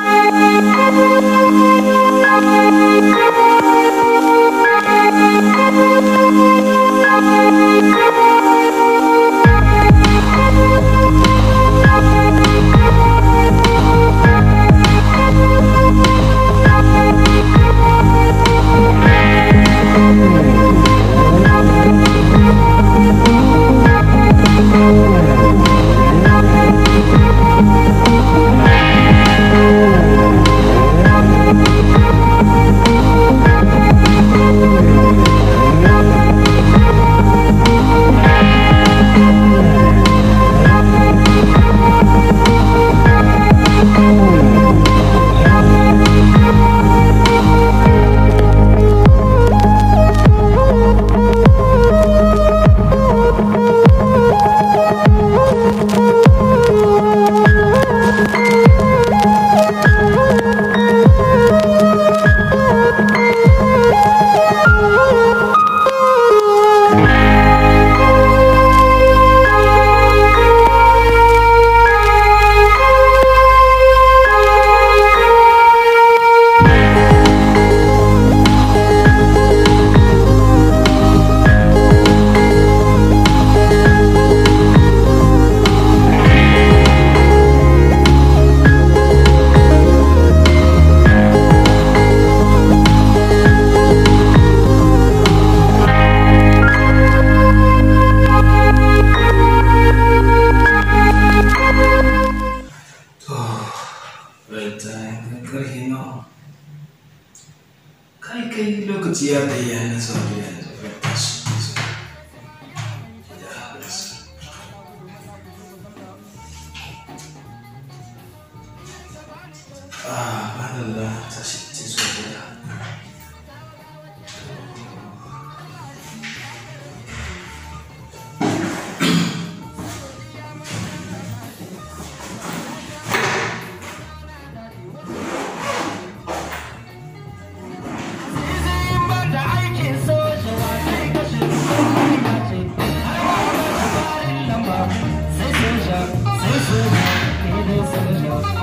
Thank you.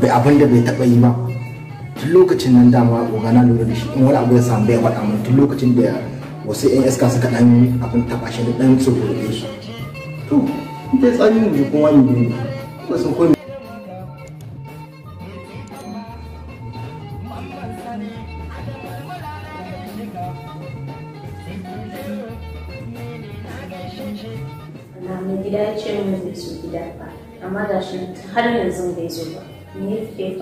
bai abin da bai taɓa yi ba tun lokacin nan dama na lura da shi in wani abu ya samu bai faɗa mun tun lokacin da wasu yan iska suka ɗan abin taɓa shi da dan tsoro shi to in dai tsari ne kuma ne ne ko sun koyi gida ce mun su gida ba amma da shi har yanzu bai zo ba me yake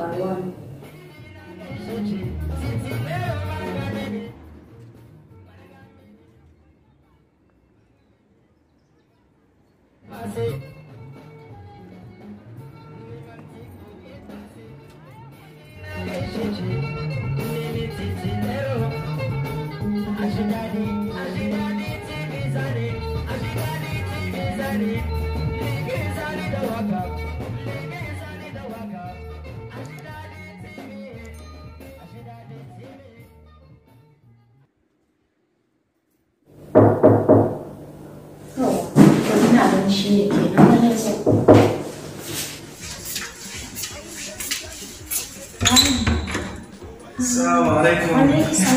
Assalamu alaikum.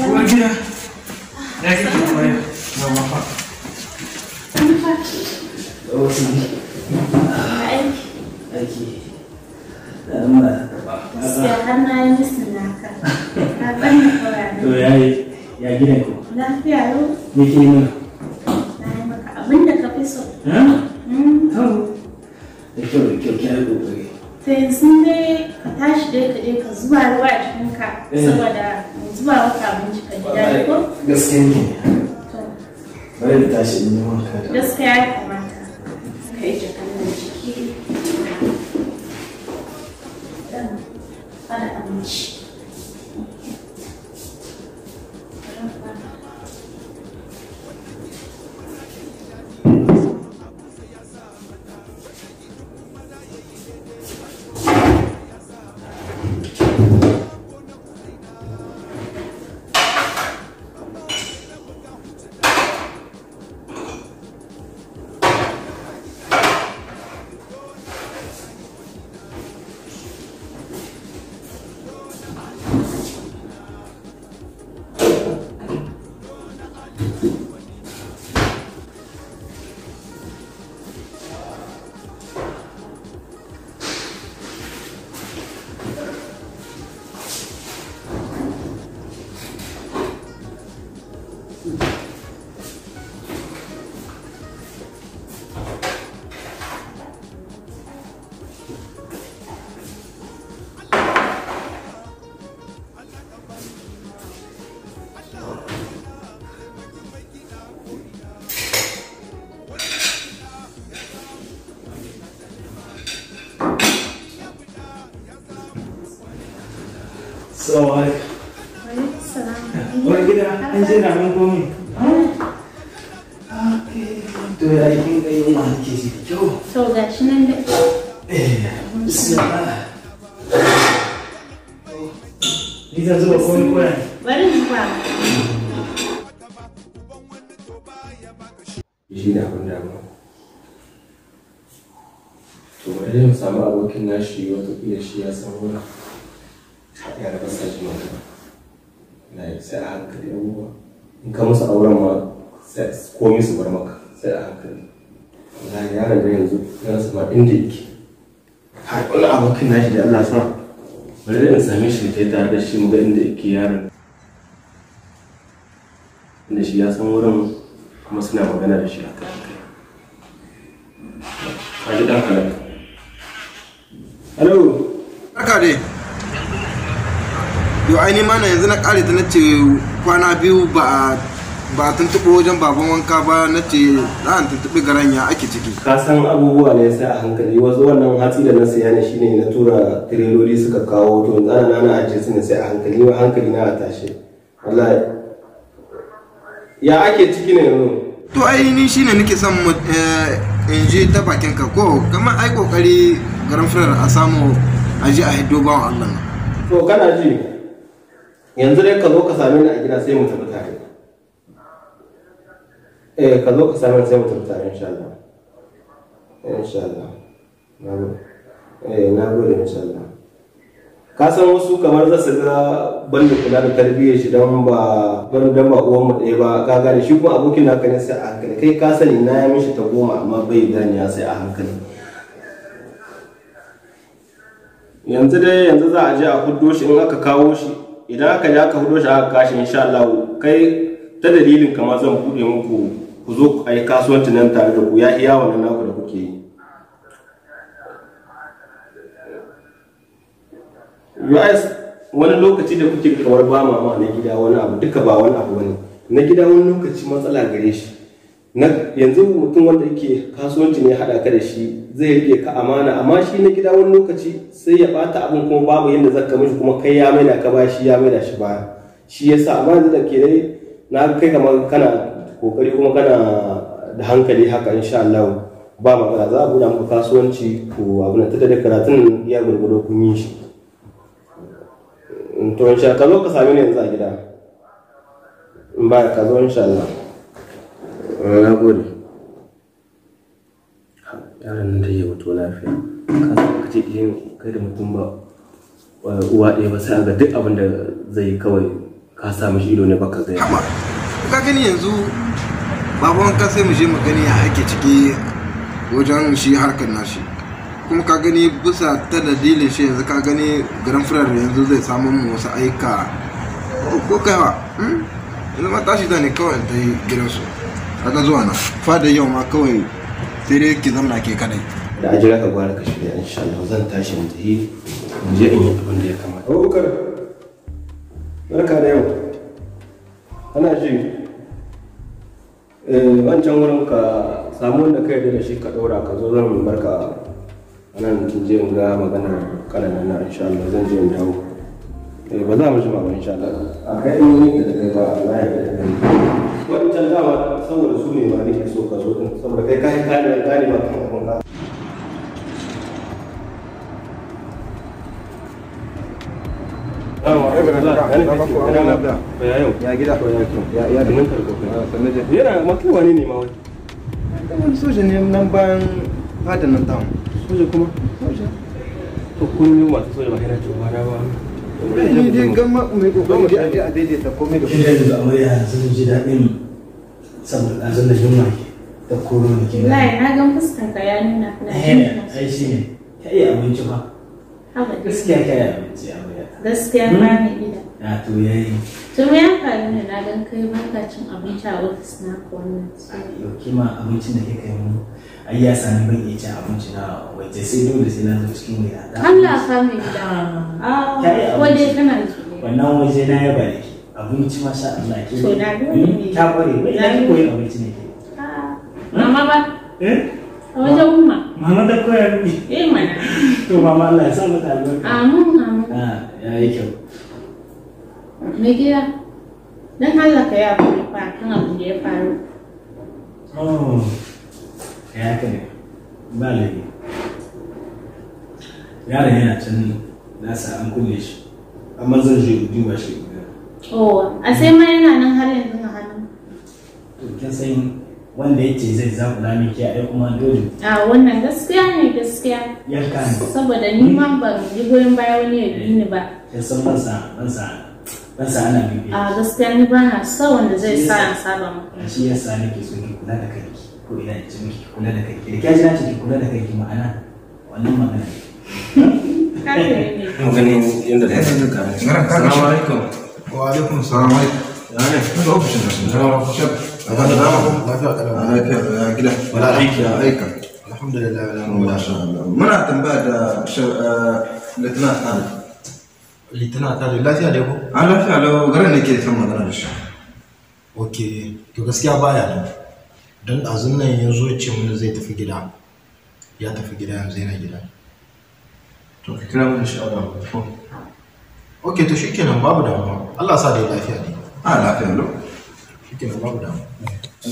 Uwar gida. Ya yi ya yau. Me ke nuna? ta yanzu ne ka tashi dai ka zuwa ka zuba ruwa a cikinka eh. saboda zuwa wata abinci ka gida ko gaskiya ne bari tashi in yi wanka gaskiya an ce ramin komi to ya yi kin kai yunwa nake ji da kyau to ga shi nan da eh bismillah ni zan zuba komi koya ne bari ni ba shi ne abin damuwa to bari mu samu abokin nashi wata kila shi ya mata like sai a hankali abubuwa in ka musu auren ma komi su bar maka sai a hankali wallahi yaron da yanzu ya su ma inda yake har wani abokin nashi da Allah sa bari da in same shi ta tare da shi mu inda yake yaron inda shi ya san wurin kuma suna magana da shi a kan kai kaji dan halaka hello haka dai yau aini mana yanzu na kare ta nace kwana biyu ba ba tuntuɓo wajen baban wanka ba na ce za a tuntuɓi garan ya ake ciki. ka san abubuwa ne sai a hankali wasu wannan hatsi da na saya ne shine na tura tireloli suka kawo to na na na ajiye su ne sai a hankali wa hankali na a tashe wallahi ya ake ciki ne yanzu. to ai ni shine nake son eh, in ji ta bakin ka ko kama ai kokari garin firar a samu a ji a hiddo bawan Allah. to kana ji yanzu dai ka zo ka same ni a gida sai mu tafi tare eh ka zo ka same ni sai mu tafi tare insha Allah eh, insha Allah eh na gode insha Allah ka san wasu kamar za su ga banda kula da tarbiyyar shi dan ba don dan ba uwan mu ɗaya ba ka gane shi kuma abokin naka ne sai a hankali kai ka sani na ya mishi ta goma amma bai ganiya sai a hankali yanzu dai yanzu za a je a kuddo shi in aka kawo shi idan aka ja ka hudo shi aka kashi insha Allah kai ta dalilin kamar zan bude muku ku zo a yi kasuwanci nan tare da ku ya iya wannan naku da kuke yi US wani lokaci da kuke kawar ba mama na gida wani abu duka ba wani abu bane na gida wani lokaci matsala gare shi yanzu mutum wanda yake kasuwanci ne haɗa ka da shi zai rike ka amana amma shi na gida wani lokaci sai ya bata abin kuma babu yadda zaka mishi kuma kai ya maida ka baya shi ya maida shi baya shi yasa amma yanzu da ke dai na kai kamar kana kokari kuma kana da hankali haka insha Allah ba magana za a buɗe muku kasuwanci ko abu na tattalin karatun ya gurgudo kun yi shi to insha ka zo ka same ni yanzu a gida in ba ka zo insha Allah na gode yaran nan da ya lafiya kasa ka ce eh, kai da mutum ba uwa ɗaya ba sai ga duk abin da zai yi kawai ka sa mishi ido ne baka gaya ba ka gani yanzu babban ka sai mu je mu gani ya ake ciki wajen shi harkar nashi kuma ka gani bisa ta dalilin shi yanzu ka gani garin firar yanzu zai samu mu wasu aika ko kaiwa hmm? yanzu ma tashi da ne kawai ta yi gidansu kaga zuwa na fada yau ma kawai sai dai ki zamna ke kadai da a jira ka gwara ka shirya insha Allah zan tashi mu tafi mu je in yi abin da ya kamata Abubakar barka da yau ana ji eh wancan wurin ka samu wanda kai da shi ka daura ka zo zan barka anan kin je in ga magana kanan nan insha Allah zan je in dawo eh, ba za mu jima ba insha Allah a kai in yi da kai ba Allah ya yi wancan dama saboda su ne ma nake so ka zo din saboda kai kai kai ka ne ba kan abun ka wani soja ne nan bayan fatan nan town soja kuma soja to kun yi masu soja ba yana cewa ba ni dai gama da amarya ji daɗin saboda da koro na gan fuskar ka ya eh, iya abinci gaskiya abinci gaskiya hmm? a to yayi ya faru ne na gan kai cin abinci a ofis na ko wannan yau kima abincin da kika yi mu ai ya sami ban iya cin abinci na waje sai dole sai na zo cikin gida Allah ka mai gida a waje kana da ah. wannan waje na ya bare ki abinci ma sha Allah ke so na dole ne hmm? ta bare wai na koyi abinci ne ke ah. mama ba eh a wajen umma mama da koyar ni eh mana to mama Allah ya sa mata albarka amin amin ah ya yi kyau me gida dan Allah ka yi abin da ya faru kan abin da ya faru Oh. ya haka ne ba laifi yaron yana can nasa an kulle shi amma zan je in duba shi gida oh a sai ma yana nan har yanzu na hannu to kin san wanda yace zai zakula miki ai kuma dole a wannan gaskiya ne gaskiya yanka ne saboda ni ma ban yi goyon baya wani ya bi ni ba Ya san ban sa ban sa ban sa ana bibiya a gaskiya ni ba na sa wanda zai sa an saba maka shi yasa nake so ki kula da kanki ko ina ce miki kula da kai da kyaji na ce ki kula da kai ki ma'ana wannan magana ne أنا yadda da أنا saka ka أنا alaikum wa أنا assalam يعني أنا اوبشن شاب أنا دعمه ما في انا كيف كده أنا عليك يا أنا الحمد لله ما شاء الله من عتم بعد الاثناء آه، هذا الاثناء هذا لا آه، في عليه انا في عليه قرأني كده ثم انا اوكي تو بس يا بايا don ɗazun nan ya zo ce mun zai tafi gida ya tafi gida yanzu yana gida to ka kira mana shi a ko ok to shi kenan babu damuwa allah sa da ya lafiya ne a lafiya lo shi kenan babu damuwa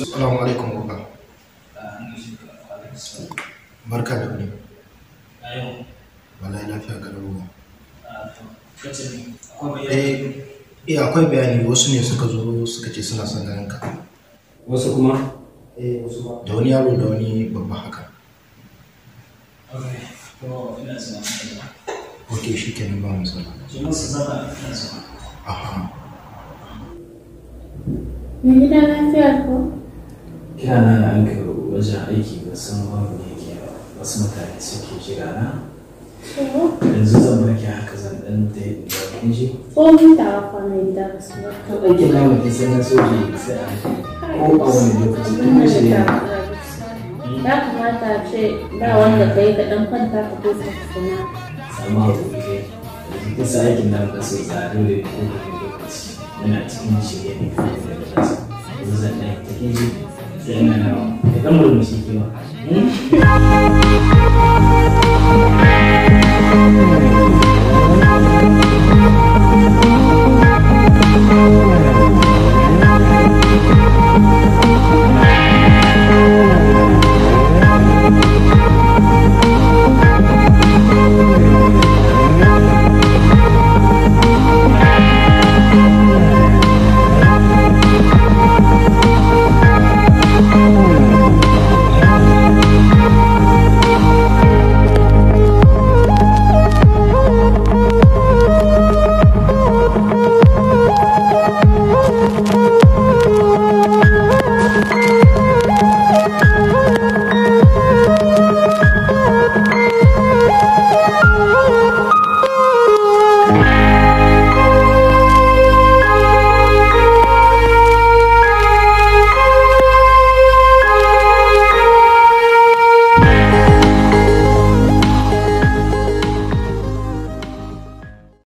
assalamu alaikum kuka barka da wani wallahi lafiya ga ruwa eh, eh akwai bayani wasu ne suka zo suka ce suna son ganin ka wasu kuma Eh, da wani yaro da wani babba haka ok shi ke nan ba mu zama aha kira na na an kai wajen aiki san babu ne mutane suke kira na yanzu zan haka zan dan da ji ko mun sai na sai ko a wani lokaci tun da shi ya kamata ce ba wanda ka yi kaɗan kwanta ka ko ka kuma samu haƙoƙi ta sa aikin nan ka so tsare dole ko da lokaci yana cikin shirye ne ka yi da kasa yanzu zan ɗaya ta ke ji sai yana nawa da ɗan murmushi ke ma.